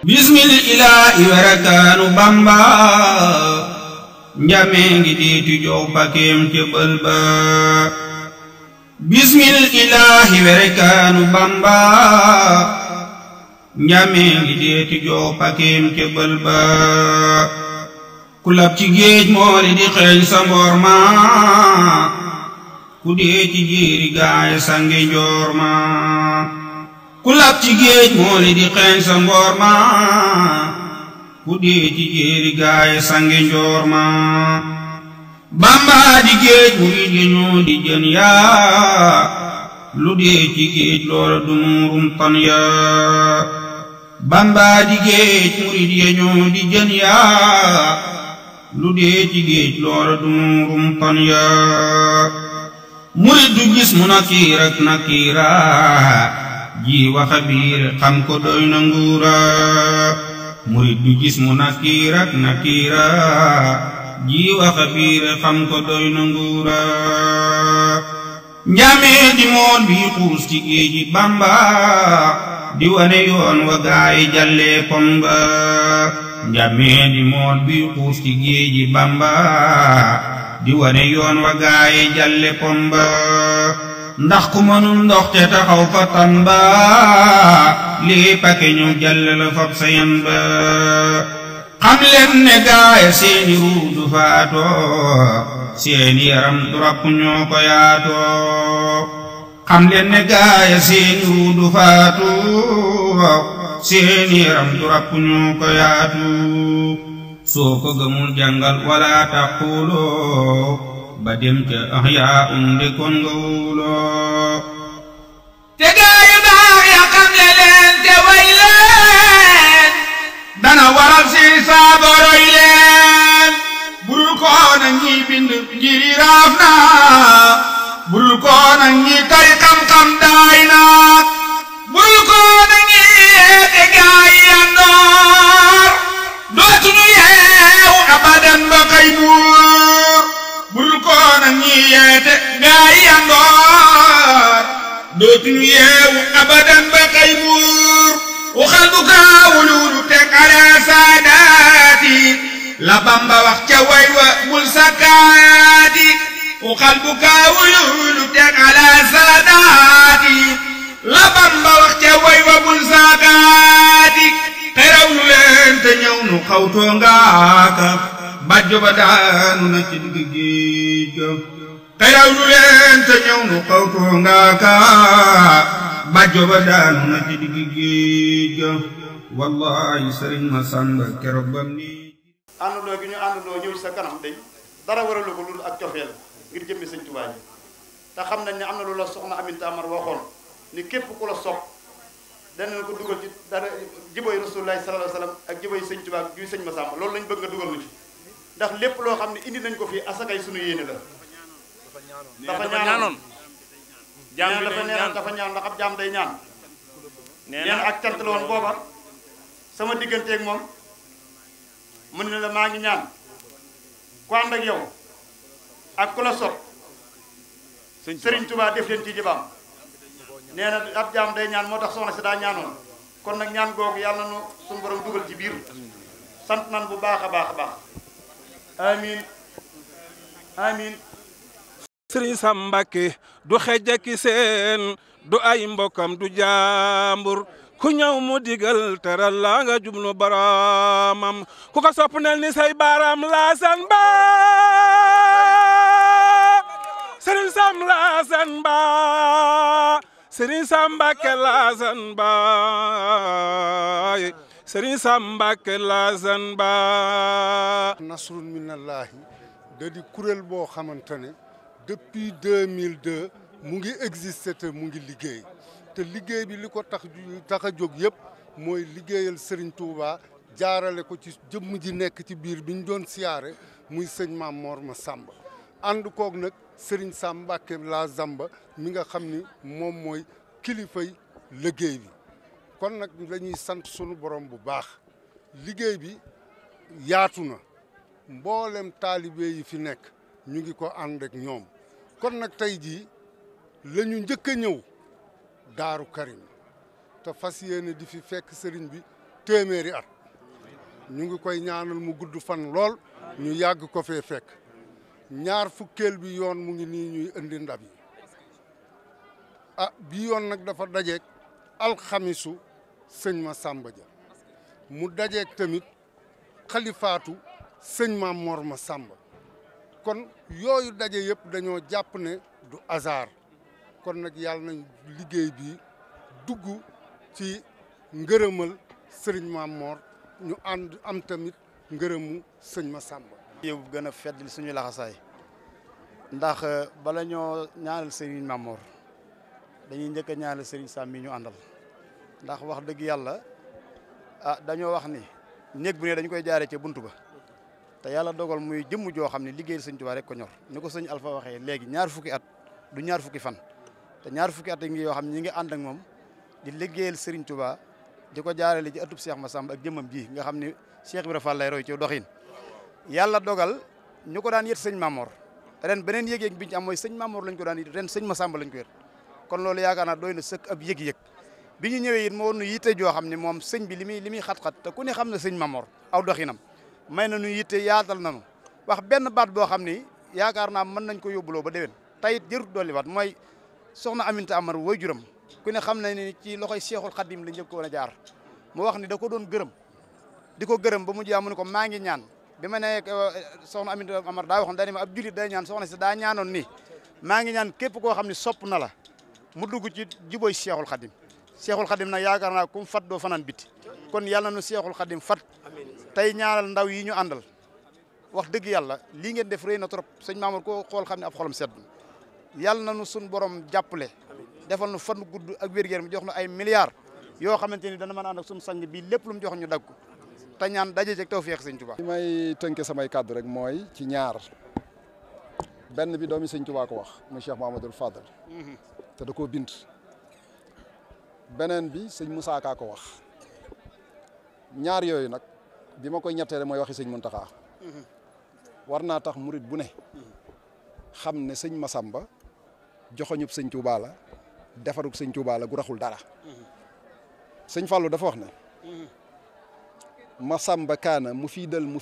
bismil ilaahi werakaanu bamba njamee ngi diitu jow pakeem cëbal ba bismil ilaahi werakaanu bamba njamee ngi diitu jow pakeem cëbal ba ku lab ci géej mooli di xeeñ sa mboor ma ku dee ci jiiri gaay sangi njoor ma ku lab ci géej mooli di xeeñ sa ngoor ku dee ci jéeri gaaye sange njoor ma bamba di géej murit yi ñoo di jën yaa lu dee ci géej loola du muurum tan yaa bamba di géej murit yi ñoo di jën yaa lu dee ci géej loola du muurum tan yaa murit du gis mu nakiir ak ji wa xabiir xam ko doy na nguura murit du gis mu nakiir ak nakiira ji wa xam ko doy na nguura njamee moon bi xuus ci géeji bamba di wane yoon wa gaay jàllee komba moon bi xuus ci géeji bamba di wane yoon wa gaay jàllee ndax ku mënul ndox te taxaw fa tamba lii pake ñu jàllal fab sa yan ba gaaya seeni ruudu faatoo seeni yaram du ràpp ñoo ko yaatoo xam gaaya seeni ruudu faatoo seeni yaram du ràpp ñoo ko soo ko gëmul jàngal wala taquloo ba dem ca axyaa um de kon nga wóoloo te gaayu baax ya xam ne leen te way dootuñu yeewu abadan ba xëy buur waxal bu kaawuluulu teg ala saadaati la bamba wax ca way wa bul sakkaati waxal bu kaawuluulu teg ala saadaati la bamba wax ca way bul sakkaati xeraw te ñëw nu xawtoo ngaaka ba daanu na ci digg te yow lu leen te ñëw nu xaw koo ngaa kaa bàjjo ba daanu na ci digg géej ga wallaay sëriñ ma sàmba keroog ba nii àndandoo gi ñu àndandoo ñëw ci sa kanam day dara waralu ko loolu ak cofeel ngir jëmmi sëñ Tuubaa ji te xam nañ ni am na lu la soxna Aminta taamar waxoon ni képp ku la sopp danañ ko dugal ci dara jibooy Rasulullaahi sallallaahu alayhi wa ak jibooy sëñ Tuubaa juy sëñ ma sàmba loolu lañ bëgg nga dugal na ci ndax lépp loo xam ne indi nañ ko fii asakay suñu yéene la dafa ñaanoon jaam bi dafa ñaanoon dafa ñaan ndax ab jaam day ñaan nee na ak cant la booba sama digganteeg moom mu ne la maa ngi ñaan ku ànd yow ak ku la sot sëriñ Tuubaa def leen ci jibaam nee na ab jaam day ñaan moo tax soxna si daa ñaanoon kon nag ñaan googu yàlla na suñu borom dugal ci biir sant nan bu baax a baax a baax sëriñ sàmbake do xeja ki seen du ay mbokkam jaambur ku ñëw mu digal teral laa nga jublu boroomam ku ko sopp nel ni say baaraam laasan ba sëriñ sam laasan ba nasrun minallahi da di kuréel boo xamante depuis 2002 mu ngi existé te mu ngi liggéey te liggéey bi li ko tax tax a jóg yëpp mooy liggéeyal sëriñ Touba jaarale ko ci jëmm ji nekk ci biir bi ñu doon siyaare muy sëñ Maam Mor ma Samba ànd koog nag sëriñ Sam Mbàkke la Zamba mi nga xam ni moom mooy kilifay liggéey bi kon nag lañuy sant sunu borom bu baax liggéey bi yaatu na mboolem taalibe yi fi nekk ñu ngi ko ànd ak ñoom kon nag tey jii la njëkk a ñëw daaru Karim te fas yéene di fi fekk sëriñ bi téeméeri at ñu ngi koy ñaanal mu gudd fan lool ñu yàgg ko fee fekk ñaar fukkeel bi yoon mu ngi nii ñuy indi ndab yi ah bi yoon nag dafa dajeek alxamisu sëñ ma Sàmba Ja mu dajeek tamit xalifaatu sëñ ma Mor ma Sàmba kon yooyu daje yëpp dañoo jàpp ne du hasard kon nag yàlla nañ liggéey bi dugg ci ngërëmal sëriñ Mamor ñu ànd am tamit ngërëmu sëñ ma Massamba. yow gën a fedd suñu laxasaay ndax euh, bala ñoo ñaanal sëriñ Mamor dañuy njëkk a ñaanal sëriñ Sam ñu àndal ndax wax dëgg yàlla a ah, dañoo wax ni néeg bu ne dañ koy jaaree ca buntu ba. te yàlla dogal muy jëmm joo xam ne liggéeyal sëñ Tuubaa rek ko ñor ni ko sëñ Alpha waxee léegi ñaar fukki at du ñaar fukki fan te ñaar fukki at ngi yoo xam ne ñi ngi ànd ak moom di liggéeyal sëriñ Tuubaa di ko jaarale ci atub Cheikh Massamba ak jëmmam ji nga xam ne Cheikh Ibra Fall lay roy ci doxin yàlla dogal ñu ko daan yet sëñ mamoor ren beneen yëg-yëg bi ñu am mooy lañ ko daan yët ren sëñ Massamba lañ ko loolu yaakaar naa doy na sëkk ab yëg-yëg bi ñu ñëwee it moo nu yitte joo xam ne moom sëñ bi li muy li muy xat-xat te ku ne xam na sëñ Mamor aw doxinam may na nu yitte yaatal nanu wax benn baat boo xam ni yaakaar naa mën nañ ko yóbbuloo ba dewen tey it jërut dolli waat mooy soxna Aminta Amar waajuram ku ne xam na ni ci loxoy Seexul Xadim la njëkk ko woon a jaar moo wax ni da ko doon gërëm di ko gërëm ba mu jaa mu ko maa ngi ñaan bi ma ne eh, soxna Aminta Amar daa wax dañu ma ab julit day ñaan soxna si daa ñaanoon ni maa ngi ñaan képp koo xam ne sopp na la mu dugg ci jubooy Seexul Xadim Seexul Xadim na yaakaar naa kum fat doo fanaan biti kon yàlla nu Seexul Xadim fat ay ñaanal ndaw yi ñu àndal wax dëgg yàlla lii ngeen def rey na trop sëñ Mamour ko xool xam ne ab xolam sedd yàlla na nu suñ borom jàppale defal nu fan gudd ak wér gu jox nu ay milliards yoo xamante ni dana man a ànd ak suñu sang bii lépp lu mu jox ñu dagg te ñaan daje ci tawfeex sëñ Touba. li may tënkee samay kàddu rek mooy ci ñaar benn bi doomi sëñ Touba ko wax mu Cheikh Mouhamadoul Fadal mhm. koo bind bi sëñ Moussa Ka ko wax ñaar yooyu nag. bi ma koy ñettee ñetteele mooy waxi sëñ Muntaxa war naa tax murit bu ne xam ne sëñ Masamba joxoñub sëñ Tuubaa la defarug sëñ Tuubaa gu raxul dara sëñ Fallou dafa wax ne Masamba kaana mu fiidal mu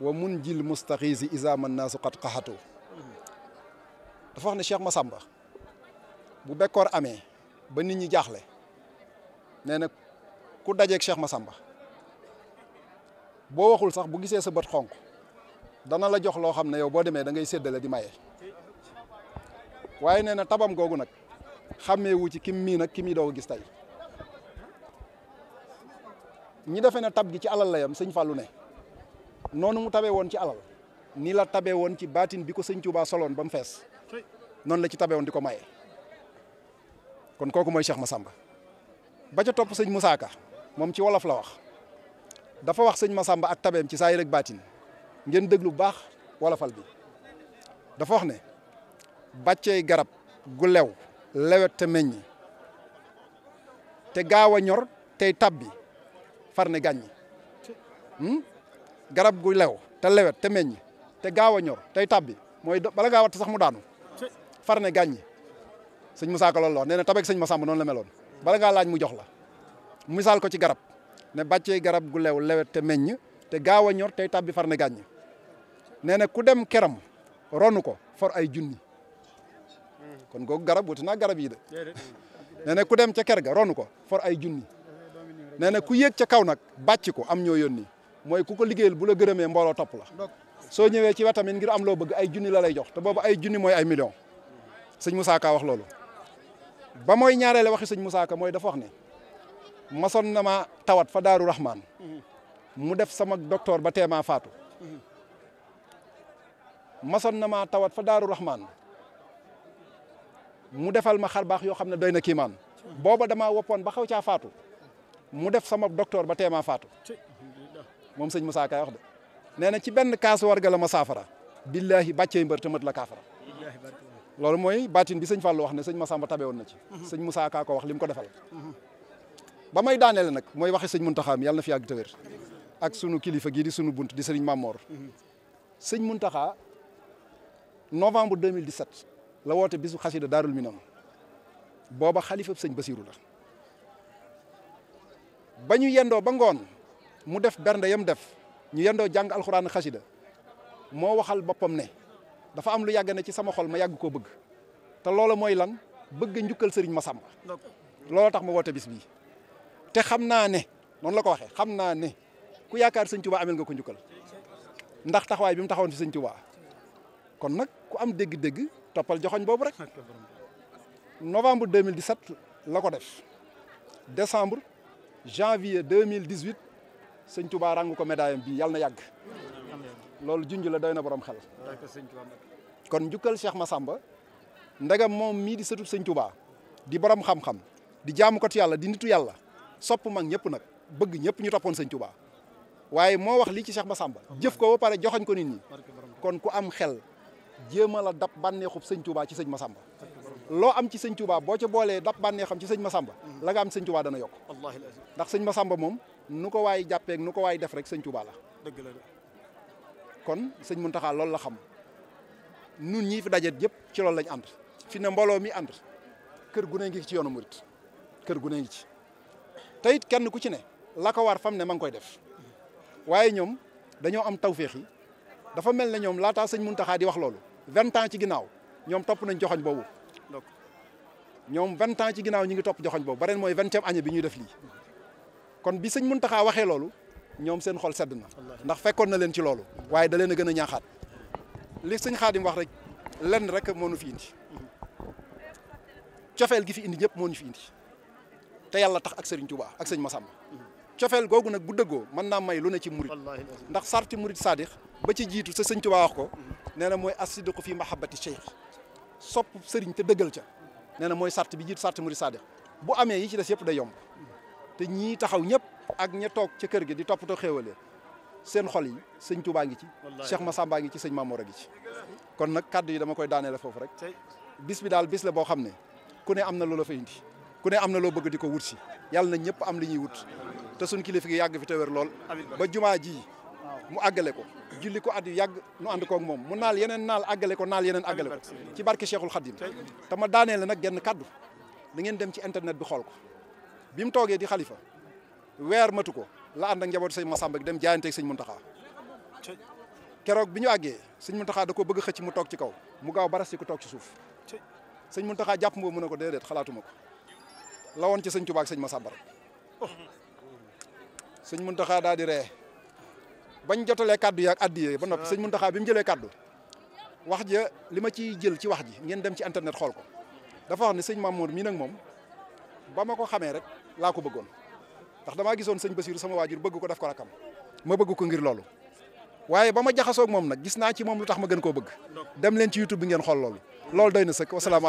wa mun jil mustaxiisi isaaman naasu qad qaxatoo dafa wax ne ma Masamba bu bekkoor amee ba nit ñi jaaxle nee na ku dajeeg Cheikh Masamba boo waxul sax bu gisee sa bët xonq dana la jox loo xam ne yow boo demee da ngay séddale di maye waaye nee na tabam googu nag xàmmeewu ci kim mii nag ki muy doog gis tey ñi defee na tab gi ci alal la yam sëñ Fallou ne noonu mu tabee woon ci alal nii la tabee woon ci baatin bi ko sëñ Touba soloon ba mu fees noonu la ci tabee woon di ko maye kon kooku mooy ma Massamba ba ca topp sëñ Moussa Ka moom ci wolof la wax. dafa wax sëñ ma sàmba ak tabeem ci saa yi rek baatin ngeen lu baax wala fal bi dafa wax ne bàccey garab gu lew lewet te meññ te gaaw a ñor tey tabbi far ne gàññi hmm? garab gu lew te lewet te meññ te gaaw a ñor tey tabbi mooy bala ngaa watt sax mu daanu far ne gàññi sëñ Moussa Ka loolu la wax nee na tabeeg sëñ Massamba noonu la meloon bala ngaa laaj mu jox la misaal ko ci garab ne bàccee garab gu lew lewet te meññ te gaaw a ñor tey tàbbi far ne gàññ nee na ku dem keram ronu ko for ay junni kon googu garab wuti naa garab yi de nee na ku dem ca ker ga ronu ko for ay junni nee na ku yéeg ca kaw nag bàcc ko am ñoo yónni mooy ku ko liggéeyal bu la gërëmee mbooloo topp la soo ñëwee ci wetamit ngir am loo bëgg ay junni la lay jox te boobu ay junni mooy ay million sëñ Moussa Ka wax loolu ba mooy ñaareele waxi sëñ Moussa Ka mooy dafa wax ne masoon na ma tawat fa Daaru Rahman mu def sama docteur ba teema faatu masoon na ma tawat fa Daaru Rahman mu defal ma xar baax yoo xam ne doy na kiimaan booba damaa woppoon ba xaw caa faatu mu def sama docteur ba teema faatu moom sëñ Moussa Ka wax de nee ci benn kaas warga la ma saafara billahi bàccee mbër te mët la kaafara loolu mooy baatin bi sëñ Fallou wax ne sëñ Massamba tabe woon na ci sëñ Moussa Ka ko wax li mu ko defal ba may daaneele nag mooy waxe sëñ Muntaxa mi yàlla na fi yàgg te ak sunu kilifa gii di sunu bunt di sëriñ Mamor. sëñ Muntaxa novembre 2017 la woote bisu xasida Daarul noonu booba xalifa sëñ Basiiru la ba ñu yendoo ba ngoon mu def bernde yam def ñu yendoo jàng alxuraan xasida moo waxal boppam ne dafa am lu yàgg ne ci sama xol ma yàgg koo bëgg te loola mooy lan bëgg njukkal sëriñ Masamba looloo tax ma woote bis bii te xam naa ne noonu la ko waxee xam naa ne ku yaakaar sëñ Tuubaa amel nga ko njukkal ndax taxawaay bi mu taxawoon ci sëñ Tuubaa kon nag ku am dégg-dégg toppal joxoñ boobu rek novembre 2017 la ko def décembre janvier 2018 sëñ Tuubaa ràng ko médaille bi yàlla na yàgg loolu junj la doy na borom xel kon njukkal Cheikh sàmba ndegam moom mii di sëtu sëñ di borom xam-xam di jaamu ko ci yàlla di nitu yàlla sopp mag ñëpp nag bëgg ñëpp ñu toppoon sëñ Tuubaa waaye moo wax lii ci ma Massamba jëf ko ba pare joxoñ ko nit ñi kon ku am xel jéem a la dab bànneexub sëñ Tuubaa ci sëñ ma Massamba loo am ci sëñ Tuubaa boo ci boolee dab bànneexam ci sëñ Massamba mm. la nga am sëñ Tuubaa dana yokk ndax sëñ Massamba moom nu ko waay jàppeek nu ko waay def rek sëñ Tuubaa la dëgg la kon sëñ Muntaxa loolu la xam nun ñii fi dajet yëpp ci loolu lañ ànd fi ne mbooloo mi ànd kër gu ne ngi ci yoonu murit kër gu ne ci te it kenn ku ci ne la ko war fam ne ma ngi koy def waaye ñoom dañoo am tawféex yi dafa mel ne ñoom laataa sëñ taxaa di wax loolu vingt ans ci ginnaaw ñoom topp nañ joxoñ boobu donc ñoom vingt ans ci ginnaaw ñu ngi topp joxoñ boobu ba mooy vingtième année bi ñuy def lii kon bi mun taxaa waxee loolu ñoom seen xol sedd na ndax fekkoon na leen ci loolu waaye da a gën a ñaaxaat li sëñ Xaadim wax rek lenn rek moo nu fi indi mhm. cofeel gi fi indi ñëpp moo nu fi indi te yàlla tax ak sëriñ Tuubaa ak sëñ Masamba cofeel googu nag bu dëggoo mën naa may lu ne ci murit ndax sarti murit saadix ba ci jiitu sa sëñ Tuubaa wax ko nee na mooy asidiqu fi mahabbati cheikh sopp sëriñ te dëggal ca nee na mooy sart bi jiitu sarti murit saadix bu amee yi ci des yëpp day yomb te ñii taxaw ñëpp ak ña toog ca kër gi di toppatoo xéewalee seen xol yi sëñ Tuubaa ngi ci Cheikh Massamba ngi ci sëñ Mamoor a ngi ci kon nag kàddu yi dama koy daanee foofu rek bis bi daal bis la boo xam ne ku am na loola fa ku ne am na loo bëgg di ko wut si yàlla na ñëpp am li ñuy wut te suñ kilifa gi yàgg fi te weer lool ba jumaa ji mu àggale ko julli ko at yu yàgg nu ànd kook moom mu naal yeneen naal àggale ko naal yeneen àggale ko ci barke Cheikhul Khadim te ma daanee la nag genn kàddu da ngeen dem ci internet bi xool ko bi mu toogee di xalifa weer matu ko la ànd ak njabootu sëñ Massamba dem jaayanteeg sëñ Muntaxa keroog bi ñu àggee sëñ Muntaxa da ko bëgg xëcc mu toog ci kaw mu gaaw baras si ko toog ci suuf sëñ Muntaxa jàpp mboo mu ne ko déedéet xalaatuma ko la woon ci sëñ Tuubaa ak sëñ Masamba rek sëñ Muntaxa daal di ree bañ jotalee kaddu yaak addiye ba noppi sëñ muntaxaa bi mu jëlee kaddu wax ja li ma ciy jël ci wax ji ngeen dem ci internet xool ko dafa wax ne sëñ Mamour mii nag moom ba ma ko xamee rek laa ko bëggoon ndax damaa gisoon sëñ Basiru sama waajur bëgg ko def ko rakam ma bëgg ko ngir loolu waaye ba ma jaxasoo moom nag gis naa ci moom lu tax ma gën koo bëgg dem leen ci YouTube bi ngeen xool